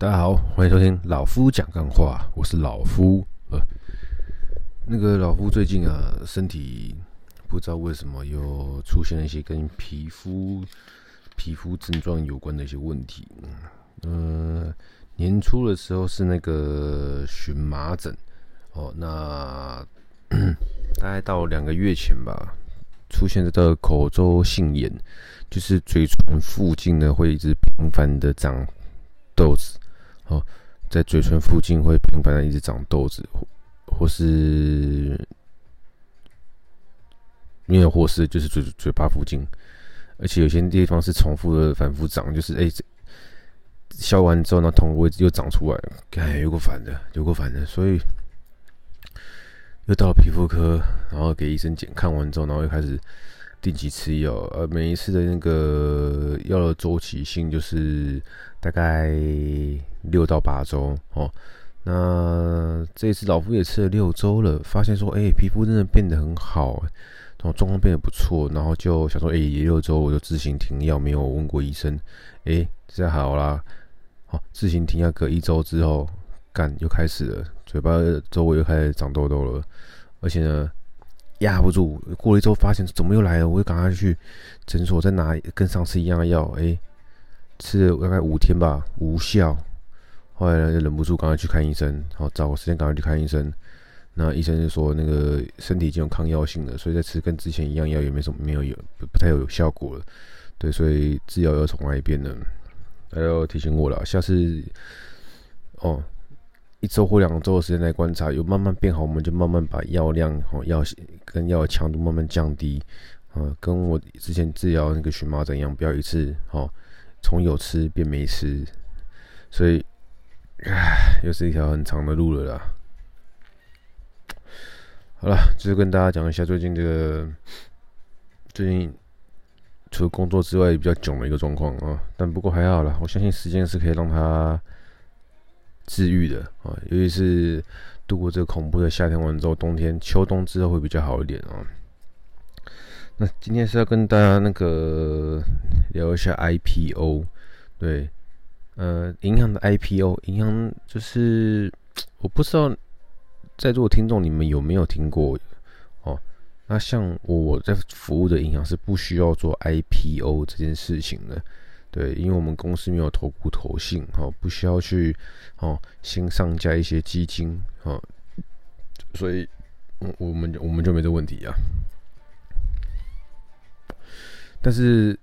大家好，歡迎收聽老夫講幹話，我是老夫。呃，那個老夫最近啊，身體不知道為什麼又出現了一些跟皮膚、皮膚症狀有關的一些問題。嗯、呃，年初的時候是那個蕁麻疹，哦，那大概到兩個月前吧，出現的這個口周性炎，就是嘴唇附近呢會一直頻繁的長痘子。哦，在嘴唇附近會頻繁的一直長痘子，或是或是，因為或是就是嘴嘴巴附近，而且有些地方是重複的反覆長，就是哎，消、欸、完之後呢，然後同一位置又長出來，哎，有夠煩的，有夠煩的，所以又到了皮膚科，然後給醫生檢，看完之後，然後又開始。定期吃藥，呃，每一次的那個藥的周期性就是大概六到八週哦。那這次老夫也吃了六週了，發現說，欸，皮膚真的變得很好欸，然後狀況變得不錯，然後就想說，欸，也六週我就自行停藥，沒有問過醫生，欸，這好啦。好，自行停藥隔一週之後，幹又開始了，嘴巴周圍又開始長痘痘了，而且呢。壓不住，過了一周發現怎麼又來了，我就趕快去診所再拿跟上次一樣的藥，哎，吃了大概五天吧，無效，後來呢就忍不住趕快去看醫生，好找個時間趕快去看醫生，那醫生就說那個身體已經有抗藥性了，所以再吃跟之前一樣藥也沒什麼沒有有不太有效果了，對，所以治療要從外邊了，他又提醒我了，下次哦、喔。一週或兩週的時間來觀察，有慢慢變好，我們就慢慢把藥量、哈藥跟藥的強度慢慢降低。啊、跟我之前治療那個蕁麻疹一樣，不要一次，哈、啊，從有吃變沒吃。所以，唉、啊，又是一條很長的路了啦。好了，就是跟大家講一下最近這個最近除了工作之外也比較囧的一個狀況啊，但不過還好啦，我相信時間是可以讓它治癒的啊，尤其是度過這個恐怖的夏天完之後，冬天、秋冬之後會比較好一點啊、喔。那今天是要跟大家那個聊一下 IPO，對，呃，銀行的 IPO，銀行就是我不知道在座的聽眾你們有沒有聽過哦、喔？那像我在服務的銀行是不需要做 IPO 這件事情的。對，因為我們公司沒有投顧投信，哈，不需要去，哦，新上架一些基金，所以，我我們我們就沒這問題啊。但是，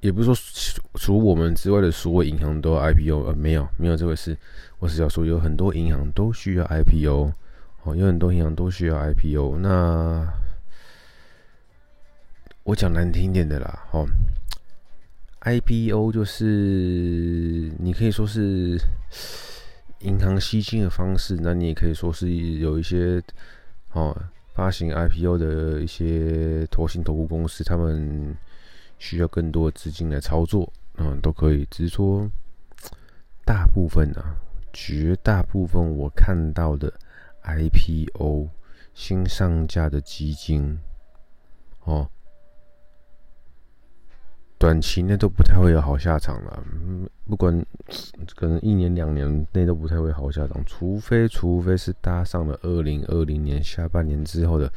也不是說除我們之外的所有銀行都有 IPO，呃，沒有沒有這回事。我是要說，有很多銀行都需要 IPO，哦，有很多銀行都需要 IPO。那我講難聽點的啦，IPO 就是你可以說是銀行吸金的方式，那你也可以說是有一些哦，發行 IPO 的一些投信投顧公司，他們需要更多資金來操作，嗯，都可以。只是說大部分啊，絕大部分我看到的 IPO 新上架的基金，哦。短期內都不太會有好下場了，嗯，不管可能一年兩年內都不太會好下場，除非除非是搭上了二零二零年下半年之後的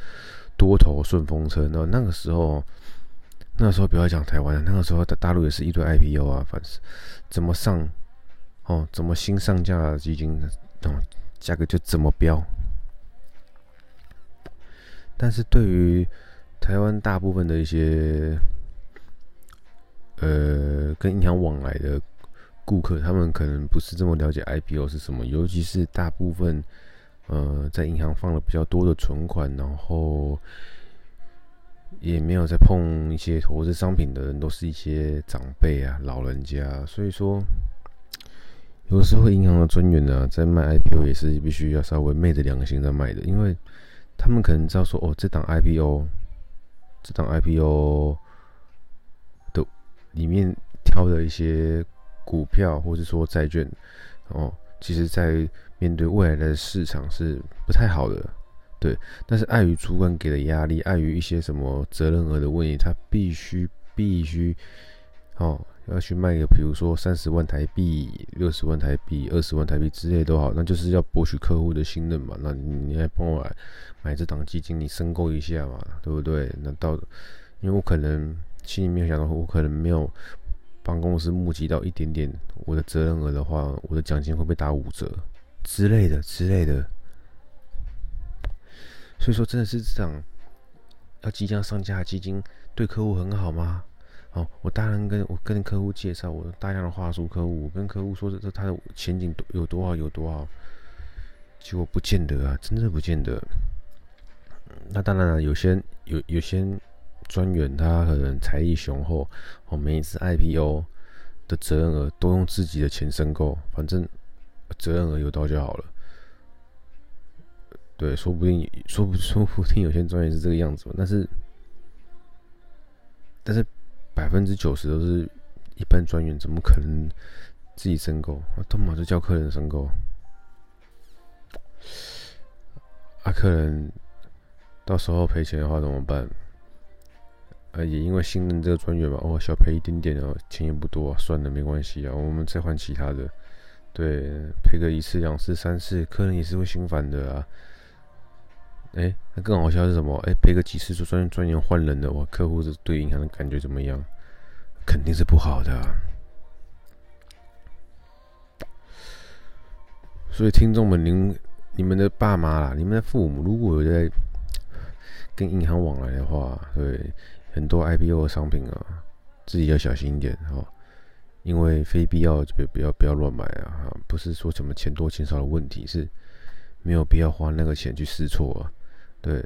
多頭順風車，那那個時候，那時候不要講台灣，那個時候的大陸也是一堆 IPO 啊，反正怎麼上哦，怎麼新上架基金，嗯，價格就怎麼飆。但是對於台灣大部分的一些。呃，跟銀行往來的顧客，他們可能不是這麼了解 IPO 是什麼，尤其是大部分呃在銀行放了比較多的存款，然後也沒有再碰一些投資商品的人，都是一些長輩啊、老人家、啊。所以說，有時候銀行的專員呢、啊，在賣 IPO 也是必須要稍微昧着良心在賣的，因為他們可能知道說，哦，這檔 IPO，這檔 IPO。裡面挑的一些股票或者說債券，哦，其實在面對未來的市場是不太好的，對。但是礙於主管給的壓力，礙於一些什麼責任額的問題，他必須必須哦要去賣個比如說三十萬台幣、六十萬台幣、二十萬台幣之類都好，那就是要博取客戶的信任嘛。那你來幫我買買這檔基金，你申購一下嘛，對不對？那到底因為我可能。心裡沒有想到，我可能沒有幫公司募集到一點點我的責任額的話，我的獎金會被打五折之類的之類的。所以說，真的是這樣？要即將上架基金對客戶很好嗎？哦，我當然跟我跟客戶介紹，我大量的話術，客戶我跟客戶說這他的前景多有多好有多好，結果不見得啊，真的不見得、嗯。那當然了、啊，有些有有些。專員他可能財力雄厚，哦，每一次 IPO 的責任額都用自己的錢申購，反正責任額有到就好了。對，說不定說不，說不定有些專員是這個樣子嘛，但是，但是百分之九十都是一般專員，怎麼可能自己申購？都馬上就叫客人申購。啊，客人到時候賠錢的話怎麼辦？也因為信任這個專員吧，哦，小賠一點點哦，錢也不多，啊，算了，沒關係啊，我們再換其他的。對，賠個一次、兩次、三次，客人也是會心煩的啊。哎，那更好笑的是什麼？哎，賠個幾次就專專員換人的哇，客戶是對銀行的感覺怎麼樣？肯定是不好的，啊。所以，聽眾們，您、你們的爸媽啦，你們的父母，如果有在跟銀行往來的話，對。很多 IPO 的商品啊，自己要小心一點哦，因為非必要就不要不要亂買啊，啊，不是說什麼錢多錢少的問題，是沒有必要花那個錢去試錯啊。對，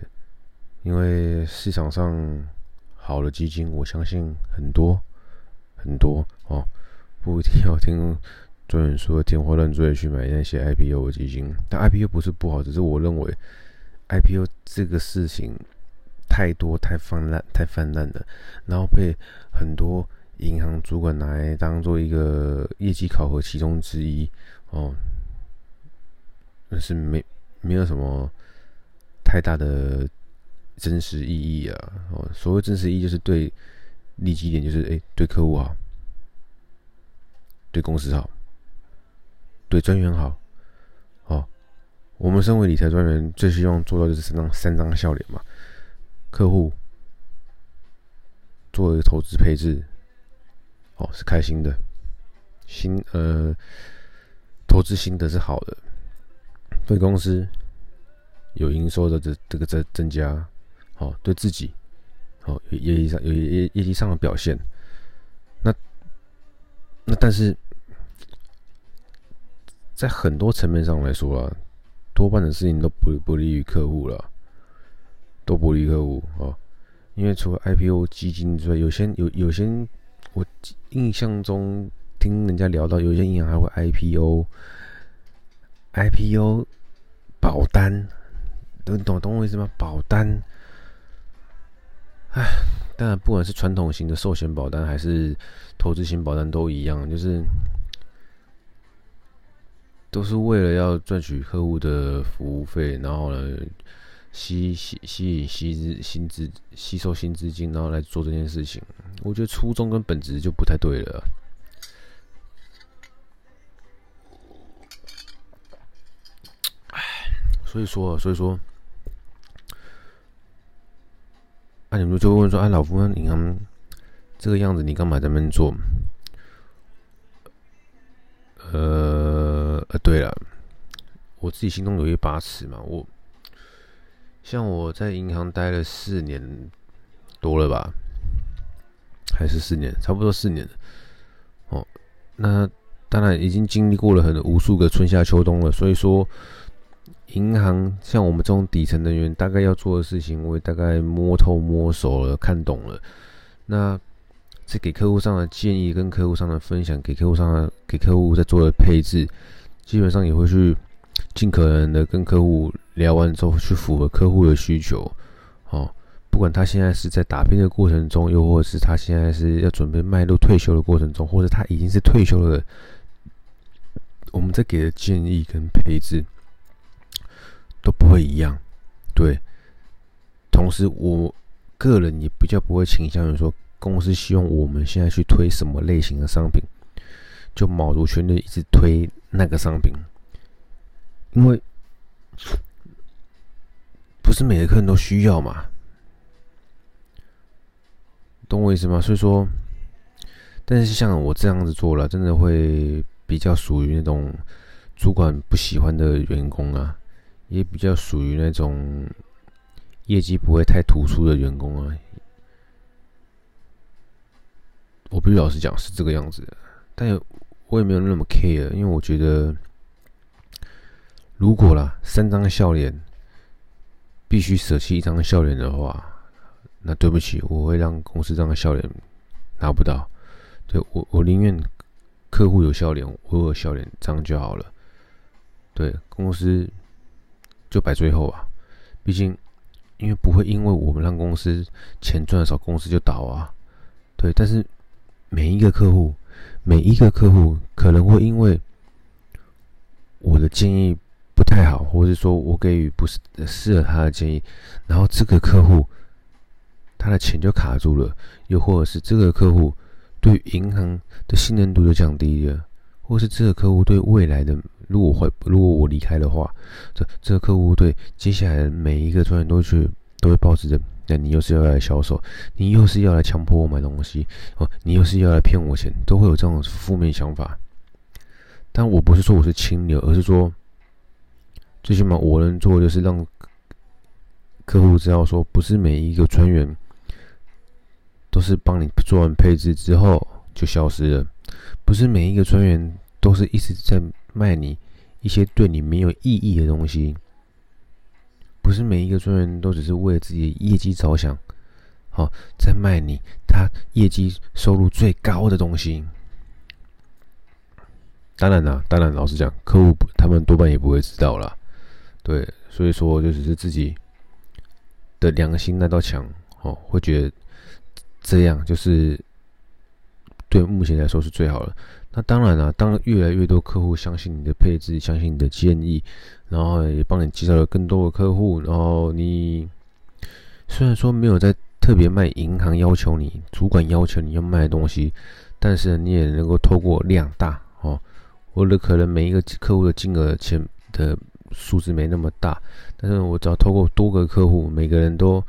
因為市場上好的基金我相信很多很多哦，不一定要聽專人說天花亂墜去買那些 IPO 的基金，但 IPO 不是不好，只是我認為 IPO 這個事情。太多太泛濫太泛濫了，然後被很多銀行主管來當做一個業績考核其中之一哦，那是沒沒有什麼太大的真實意義啊哦，所謂真實意義就是對利基點就是誒，對客戶好，對公司好，對專員好哦，我們身為理財專員最希望做到就是三張三張笑臉嘛。客戶做一個投資配置，哦，是開心的，新呃投資心得是好的，對公司有營收的這這個增增加，好、哦、對自己，好有業績上有業上有業績上的表現，那那但是，在很多層面上來說啊，多半的事情都不不利於客戶了。都不利客戶哦，因為除了 IPO 基金之外，有些有有些，我印象中聽人家聊到，有些銀行還會 IPO、IPO 保單，都懂懂我意思嗎？保單，唉，當然不管是傳統型的壽險保單，還是投資型保單，都一樣，就是都是為了要賺取客戶的服務費，然後呢，吸吸吸引吸資新資吸收新資金，然後來做這件事情，我覺得初衷跟本質就不太對了。哎，所以說、啊，所以說、啊，那、啊、你們就會問說，哎，老夫銀行這個樣子，你幹嘛在那邊做？呃呃、啊，對了，我自己心中有一把尺嘛，我。像我在銀行待了四年多了吧，還是四年，差不多四年。哦，那當然已經經歷過了很多無數個春夏秋冬了。所以說，銀行像我們這種底層人員，大概要做的事情，我也大概摸透摸熟了，看懂了。那這給客戶上的建議、跟客戶上的分享、給客戶上的給客戶在做的配置，基本上也會去盡可能的跟客戶。聊完之後去符合客戶的需求，哦，不管他現在是在打拼的過程中，又或者是他現在是要準備邁入退休的過程中，或者他已經是退休了，我們在給的建議跟配置都不會一樣，對。同時，我個人也比較不會傾向於說公司希望我們現在去推什麼類型的商品，就卯足全力一直推那個商品，因為。不是每個客人都需要嘛，懂我意思嗎？所以說，但是像我這樣子做了，真的會比較屬於那種主管不喜歡的員工啊，也比較屬於那種業績不會太突出的員工啊。我不知老實講是這個樣子，但我也沒有那麼 care，因為我覺得，如果啦，三張笑臉。必須捨棄一張笑臉的話，那對不起，我會讓公司這張笑臉拿不到。對，我，我寧願客戶有笑臉，我有笑臉，這樣就好了。對，公司就擺最後啊。畢竟，因為不會因為我們讓公司錢賺的少，公司就倒啊。對，但是每一個客戶，每一個客戶可能會因為我的建議。不太好，或是說我給予不是適合他的建議，然後這個客戶他的錢就卡住了，又或者是這個客戶對銀行的信任度就降低了，或是這個客戶對未來的如果會如果我離開的話，這這個客戶對接下來的每一個專員都去都會抱持著的，那你又是要來銷售，你又是要來強迫我買東西哦，你又是要來騙我錢，都會有這種負面想法。但我不是說我是清流，而是說。最起碼我能做的就是讓客戶知道，說不是每一個專員都是幫你做完配置之後就消失了，不是每一個專員都是一直在賣你一些對你沒有意義的東西，不是每一個專員都只是為了自己的業績着想，哦，在賣你他業績收入最高的東西。當然啦，當然老實講，客戶他們多半也不會知道啦。對，所以說就只是自己的良心那道牆哦，會覺得這樣就是對目前來說是最好的。那當然了啊，當越來越多客戶相信你的配置，相信你的建議，然後也幫你介紹了更多的客戶，然後你雖然說沒有在特別賣銀行要求你，主管要求你要賣的東西，但是你也能夠透過量大哦，或者可能每一個客戶的金額錢的。數字沒那麼大，但是我只要透過多個客戶，每個人都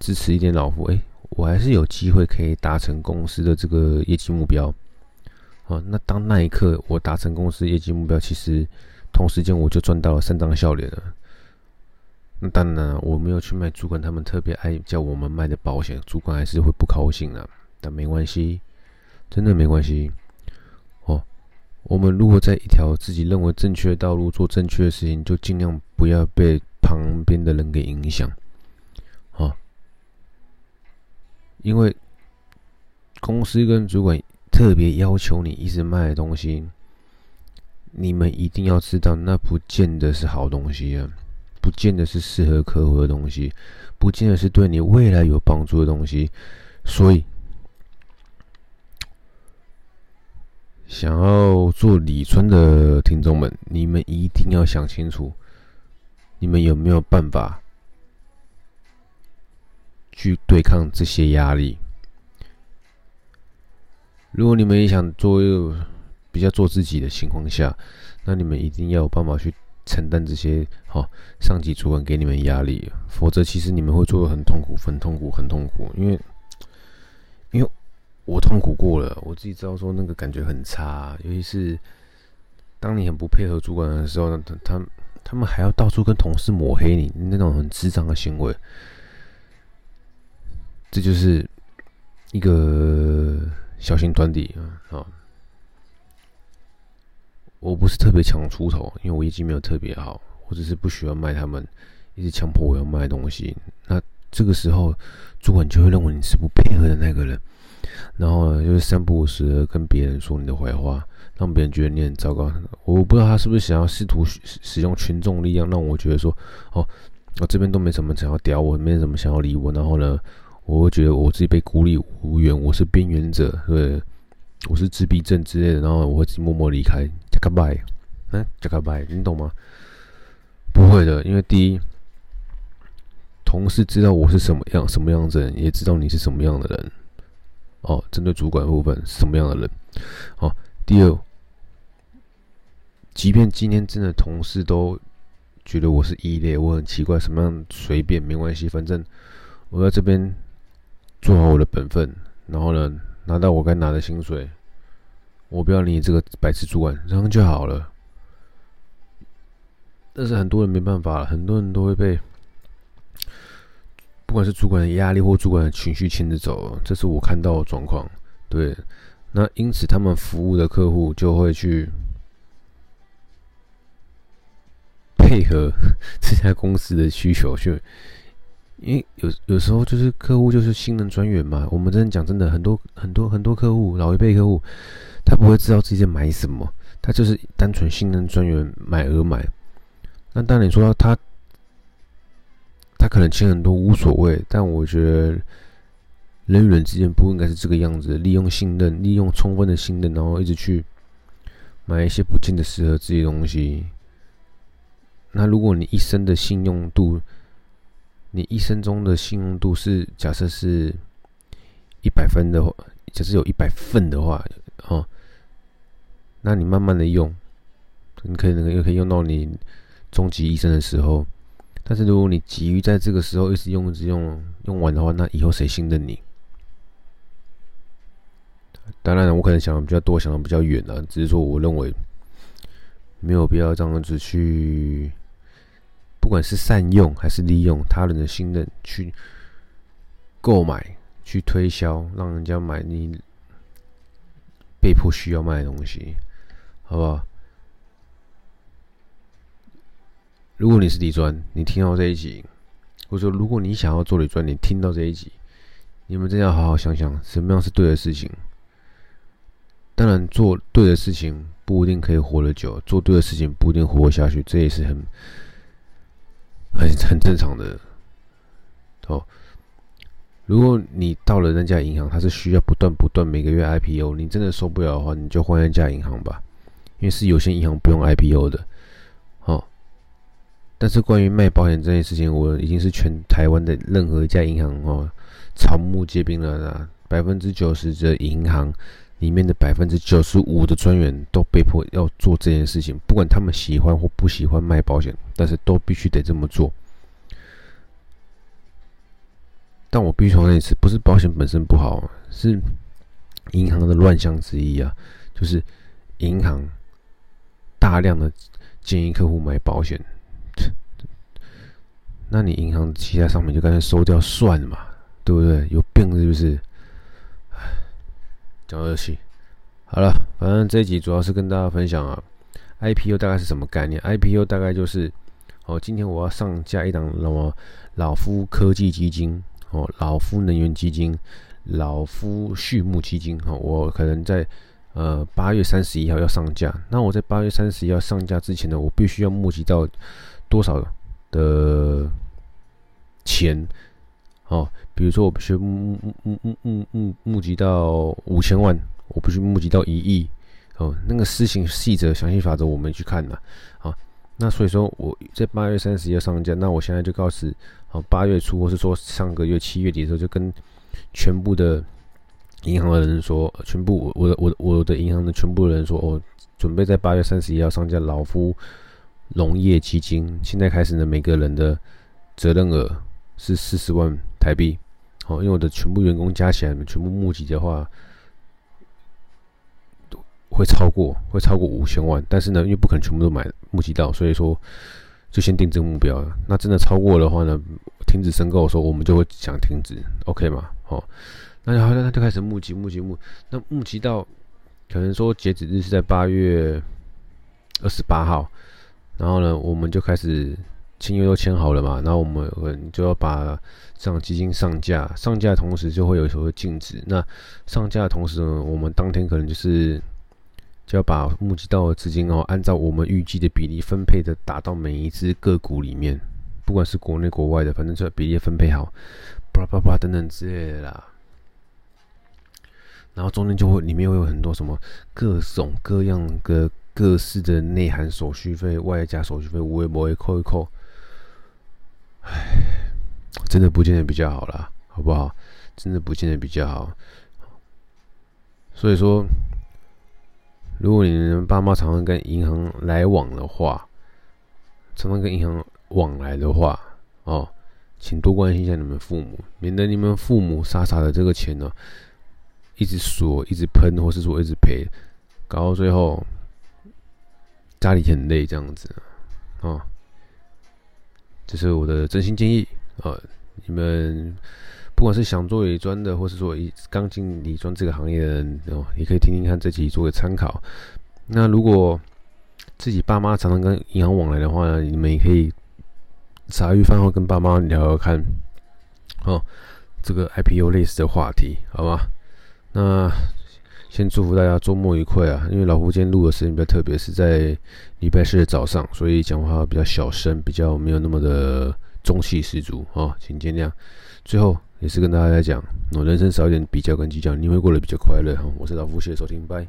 支持一點老夫，哎、欸，我還是有機會可以達成公司的這個業績目標。哦，那當那一刻我達成公司業績目標，其實同時間我就賺到了三張笑臉了。那當然、啊，我沒有去賣主管他們特別愛叫我們賣的保險，主管還是會不高興啊。但沒關係，真的沒關係。我們如果在一條自己認為正確的道路做正確的事情，就盡量不要被旁邊的人給影響，好、哦。因為公司跟主管特別要求你一直賣的東西，你們一定要知道，那不見得是好東西啊，不見得是適合客戶的東西，不見得是對你未來有幫助的東西，所以。想要做李村的聽眾們，你們一定要想清楚，你們有沒有辦法去對抗這些壓力？如果你們也想做，比較做自己的情況下，那你們一定要有辦法去承擔這些好、哦、上級主管給你們壓力，否則其實你們會做的很痛苦，很痛苦，很痛苦，因為。我痛苦過了，我自己知道說那個感覺很差。尤其是當你很不配合主管的時候，他、他、他們還要到處跟同事抹黑你，那種很智障的行為，這就是一個小型團體啊。我不是特別強出頭，因為我業績沒有特別好，或者是不喜歡賣他們，一直強迫我要賣東西。那這個時候，主管就會認為你是不配合的那個人。然後呢，就是三不五時的跟別人說你的壞話，讓別人覺得你很糟糕。我不知道他是不是想要試圖使使用群眾力量，讓我覺得說，哦，我這邊都沒什麼想要屌我，沒什麼想要理我。然後呢，我會覺得我自己被孤立無援，我是邊緣者，對、對，我是自閉症之類的。然後我會默默離開，加個拜，嗯，加個拜，你懂嗎？不會的，因為第一，同事知道我是什麼樣什麼樣子的人，也知道你是什麼樣的人。哦，針對主管部分是什麼樣的人？好，哦，第二，即便今天真的同事都覺得我是異類，我很奇怪，什麼樣隨便沒關係，反正我在這邊做好我的本分，然後呢，拿到我該拿的薪水，我不要你這個白痴主管，這樣就好了。但是很多人沒辦法了，很多人都會被。不管是主管的壓力或主管的情緒牽着走，這是我看到的狀況。對，那因此他們服務的客戶就會去配合這家公司的需求去，因為有有時候就是客戶就是信任專員嘛。我們真的講真的，很多很多很多客戶老一輩客戶，他不會知道自己在買什麼，他就是單純信任專員買而買。那當然你說他。他他可能錢很多無所謂，但我覺得人與人之間不應該是這個樣子的，利用信任，利用充分的信任，然後一直去買一些不見得適合自己的東西。那如果你一生的信用度，你一生中的信用度是假設是一百分的話，假設有一百分的話，哦，那你慢慢的用，你可以那個又可以用到你終極一生的時候。但是如果你急於在這個時候一直用一直用用完的話，那以後誰信任你？當然了，我可能想的比較多，想的比較遠了啊，只是說，我認為沒有必要這樣子去，不管是善用還是利用他人的信任去購買、去推銷，讓人家買你被迫需要賣的東西，好不好？如果你是底專，你聽到這一集，我說，如果你想要做底專，你聽到這一集，你們真的要好好想想，什麼樣是對的事情。當然，做對的事情不一定可以活得久，做對的事情不一定活得下去，這也是很很很正常的。哦，如果你到了人家銀行，它是需要不斷不斷每個月 IPO，你真的受不了的話，你就換一家銀行吧，因為是有些銀行不用 IPO 的。但是關於賣保險這件事情，我已經是全台灣的任何一家銀行哦，草木皆兵了啦，百分之九十的銀行裡面的百分之九十五的專員都被迫要做這件事情，不管他們喜歡或不喜歡賣保險，但是都必須得這麼做。但我必須說，那一次不是保險本身不好，是銀行的亂象之一啊，就是銀行大量的建議客戶買保險。那你銀行其他上面就乾脆收掉算了嘛，對不對？有病是不是？講下去，好了，反正這一集主要是跟大家分享啊，IPO 大概是什麼概念？IPO 大概就是，哦，今天我要上架一檔，那麼老夫科技基金，哦，老夫能源基金，老夫畜牧基金，哦，我可能在呃八月三十一號要上架。那我在八月三十一號上架之前呢，我必須要募集到多少的？錢，哦，比如說我必須募募募募募募集到五千萬，我必須募集到一億，哦，那個施行細則、詳細法則我沒去看了，啊，那所以說我在八月三十一要上架，那我現在就告訴，哦，八月初或是說上個月七月底的時候就跟全部的銀行的人說，全部我我我我的銀行的全部的人說，我，哦，準備在八月三十一要上架老夫農業基金，現在開始呢，每個人的責任額。是四十萬台幣，好，因為我的全部員工加起來，全部募集的話，會超過，會超過五千萬。但是呢，因為不可能全部都買募集到，所以說就先定這個目標了。那真的超過的話呢，停止申購的時候，我們就會想停止，OK 嗎？好、喔，那好像他就開始募集，募集，募集，那募集到可能說截止日是在八月二十八號，然後呢，我們就開始。簽約都簽好了嘛？然後我們我們就要把這場基金上架，上架同時就會有所謂禁止。那上架的同時，呢，我們當天可能就是就要把募集到的資金哦、喔，按照我們預計的比例分配的打到每一隻個股裡面，不管是國內國外的，反正就要比例分配好，啪啪啪等等之類的啦。然後中間就會裡面會有很多什麼各種各樣的各，各式的內含手續費，外加手續費，五五不五扣一扣。唉，真的不見得比較好啦，好不好？真的不見得比較好。所以說，如果你們爸媽常常跟銀行來往的話，常常跟銀行往來的話，哦，請多關心一下你們父母，免得你們父母傻傻的這個錢呢、啊，一直鎖、一直噴，或是說一直賠，搞到最後家裡很累這樣子，哦。這是我的真心建議啊！你們不管是想做理專的，或是說剛進理專這個行業的人，哦、啊，也可以聽聽看這期做個參考。那如果自己爸媽常常跟銀行往來的話呢，你們也可以茶餘飯後跟爸媽聊聊看，哦、啊，這個 IPO 類似的話題，好吧？那。先祝福大家週末愉快啊！因為老夫今天錄的時間比較特別，是在禮拜四的早上，所以講話比較小聲，比較沒有那麼的中氣十足啊、哦，請見諒。最後也是跟大家講，那人生少一點比較跟計較，你會過得比較快樂哈、哦。我是老夫，謝謝收聽，拜。